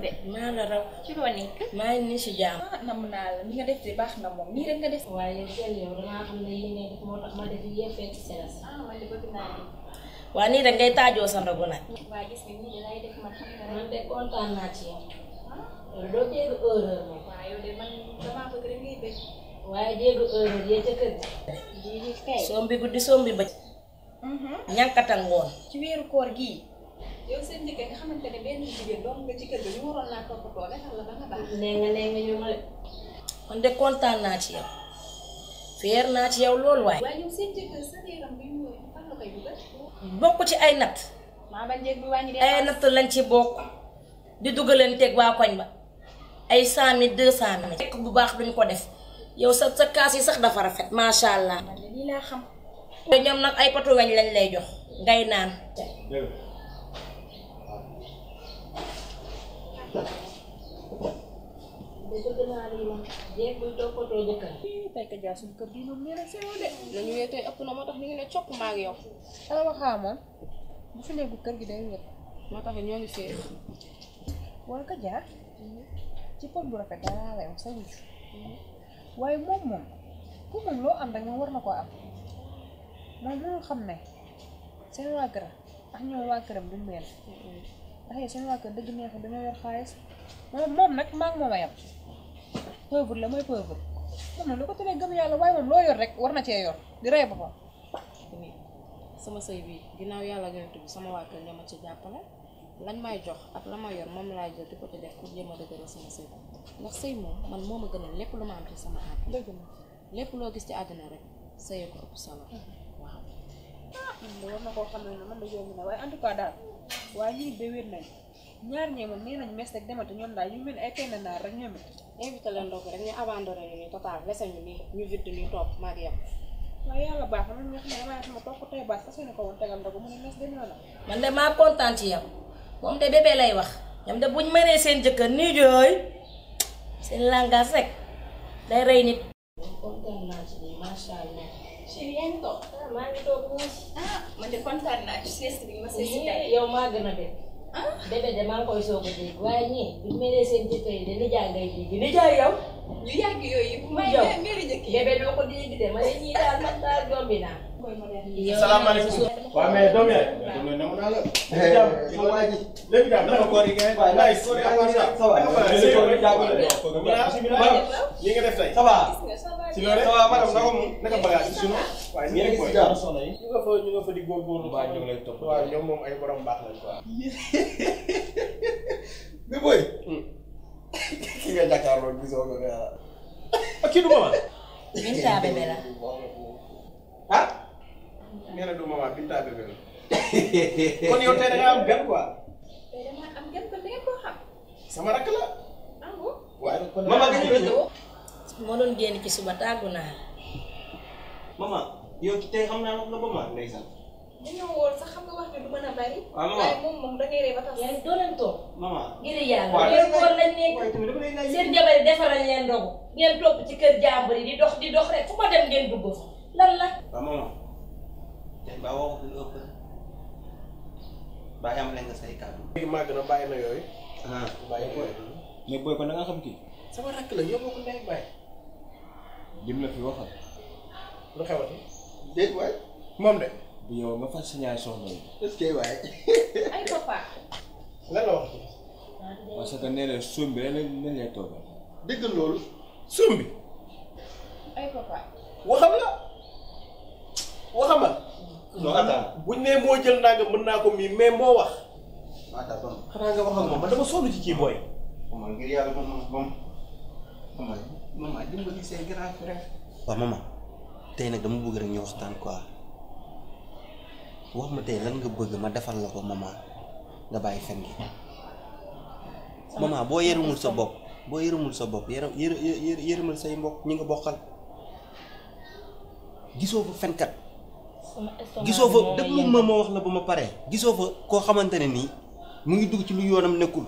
de. maa la raw ci loo maa ah, nga def de baax na moom nii rek nga def. waaye ma def yéefee ci seen ah, de bëgg naa de. waa nii rek ngay taajoo sa ndogu nag. de kontaan naa ci yow. Ah. doo dégg erreur moom. waaw yow de man damaa bëgg yee ca sombi guddi sombi bëccëg. Mhm. ñànkata ngoon. ci weeru koor gii. yow seen njëkkee nga xamante ne benn jigéen doom nga ci kër ga ñu waroon kon de kontaan naa ci yow. feer naa ci yow loolu waaye. bokk ci ay nat maa ba njëg bi ay natt lañ ci bokk. di dugalanteeg waa koñ ba. ay cent mille deux cent mille. fekk bu baax duñ ko def. yow sa sa kaas yi sax dafa rafet. macha allah. lii laa xam. ñoom nag ay potu weñ lañ lay jox. ngay naan. tay ka jaa suñu kër gi moom nee na seew de dañu yee tey ëpp na moo tax ñu ngi ne copp maag yow ala waxaa moom bu fi nekku kër gi day wér moo tax ñoo ngi seet wala ka jaar ci pot bu rafet dara lay wax sa wujj waaye moom moom ku moom loo am rek moom war na koo am moom lu xam ne seen waa këram ak ñoom waa këram duñ mel ndax yow seen waa kër dëgg neexul dañoo yor xaalis moom moom nag maa moom a yem pauvre la mooy pauvre moom nag lu ko teree gëm yàlla waaye moom loo yor rek war na cee yor di rey boppam sama sëy bi ginnaaw yàlla yonent bi sama waa kër ñoo ma ci jàppale lañ may jox la ma yor moom laay jël di def pour jéem a sëy moom man moo ma gënal lépp lu ma am ci sama àdduna lépp loo gis ci àddina rek sëyee ko ëpp solo waaw ah, war na koo xam ne man da yomb na waaye en daal wahi bewir béwér nyar ñaar mun moom nee nañ mes rek dematu ñoom daal ñu mel ay tey na naar rek ñoom invité len ndogu rek ñu abandonné ñu nii total lese ñu nii ñu vidd ñu top maag yam waaye yàlla baax na ñoo xam ne damaa sama toog tey baas parce que ko woon tegal ndogu mun mes demee na man de ma content ci yow mom de bébé lay wax ñoom de buñ mënee seen jëkkër ni jooy seen langage rek day rey nit content naa ci nii macha allah Chérien toog. ah maa ngi toog ah man de kontaan naa ci ma sees yow maa gën a dem. ah bébé de maa ngi koy soog a dégg waaye ñii bu melee seen jëkkër yi de nijaay ngay dégg nijaay yow. ñu yàgg yooyu. may meeri jëkk yi bébé doo de ma ne ñii daal man daal doom bi naa. salaamaaleykum. waaw mais doom yaay. mais nangu naa la. léegi daal na ko góor yi ngeen. waaye naaj soo dee nga def tey. ça va. mu naka bagage sunu. waaye ñu ngi nga fa ñu ay borom baax lañ ki nga ko ah kii du mama. Binta bébé la. ah. du mama Binta bébé kon yow tey da nga am gan quoi. tey dama am gan kon da xam. sama rakk la. Nah. ah kon mama nga moo doon génn ci suba tàggu naa mama yow tey xam naa la mama ndeysaan. dañoo woon sax xam nga wax ne du mën a waaw mama waaye moom moom da ngay ree ba tax. yaa ngi toog. mama ngir yàlla. waaw yéen koor lañ nekk. seen jabar defaral leen ndogu. ngeen topp ci fu ma dem ngeen dugg fa mama. tey em bàyyi am leen say kàddu. léegi màgg na bàyyi na yooyu. ah bàyyi na yooyu. mais booy con da nga xam kii. sama rakk la yow boo ko ndey bàyyi. lim la fi waxal. lu xewati. déet waay. moom de. bu yow nga fas ñaari soxna yi. est-ce que waay. ay papa. lan la wax. parce que nee na suum bi lan lañ lay toogal. dégg loolu. suum bi. ay papa. waxam la. waxamal. non attends buñ nee moo jël naa nga mën naa ko miin mais moo wax. attends bon wax ak moom man dama sonn ci kii booy. maman ngir yàlla maman moom maman tey nag dama bëgg rek ñu waxtaan quoi wax ma tey lan nga bëgg ma defal la ko maman nga bàyyi fen gi. maman boo yërëmul sa bopp boo yërëmul sa bopp yërë yërë yërëmal say mbokk ñi nga bokkal gisoo fa fenkat gisoo fa déglu ma ma wax la ba ma pare gisoo fa koo xamante ne nii mu ngi dugg ci lu yoonam nekkul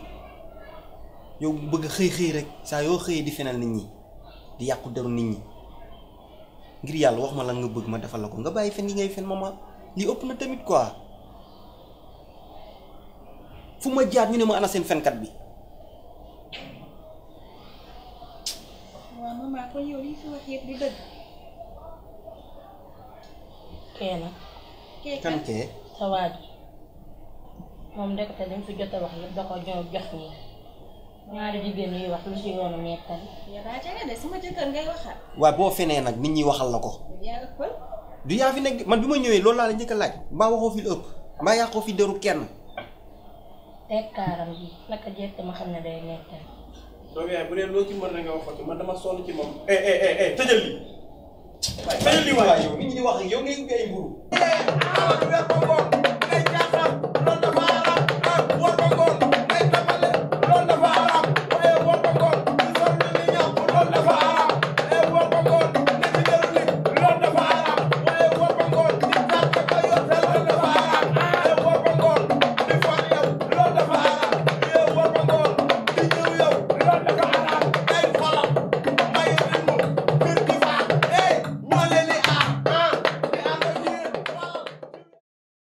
yow bëgg xëy xëy rek saa yoo xëyee di fenal nit ñi di yàqu deru nit ñi ngir yàlla wax ma lan nga bëgg ma defal la ko nga bàyyi fen yi ngay fen mama lii ëpp na tamit quoi fu ma jaar ñu ne ma ana seen fenkat bi. waaw maman kon yow li fi wax yëpp di dëgg. kee nag. kee kan kee. sa waa ji moom ndekete li mu fi jot a wax yëpp da ko jox jox ñi ñaari jigéen yi wax lu si yoonu ñettal. yàllaa ca jëkkër ngay waxal. waaw boo fenee nag nit ñi waxal la ko. du yaa fi nekk man bi ma ñëwee loolu laa la njëkk laaj maa waxoo fi lu ëpp ba yàqoo fi deru kenn. tekkaaram bi naka jekk ma xam ne day nettal. donc yaay bu dee loo ci mën na nga wax ko ci man dama sonn ci moom. eh eh, eh, eh waaye yow nit ñi di wax yow ngay ubbi ay mburu eh, ah,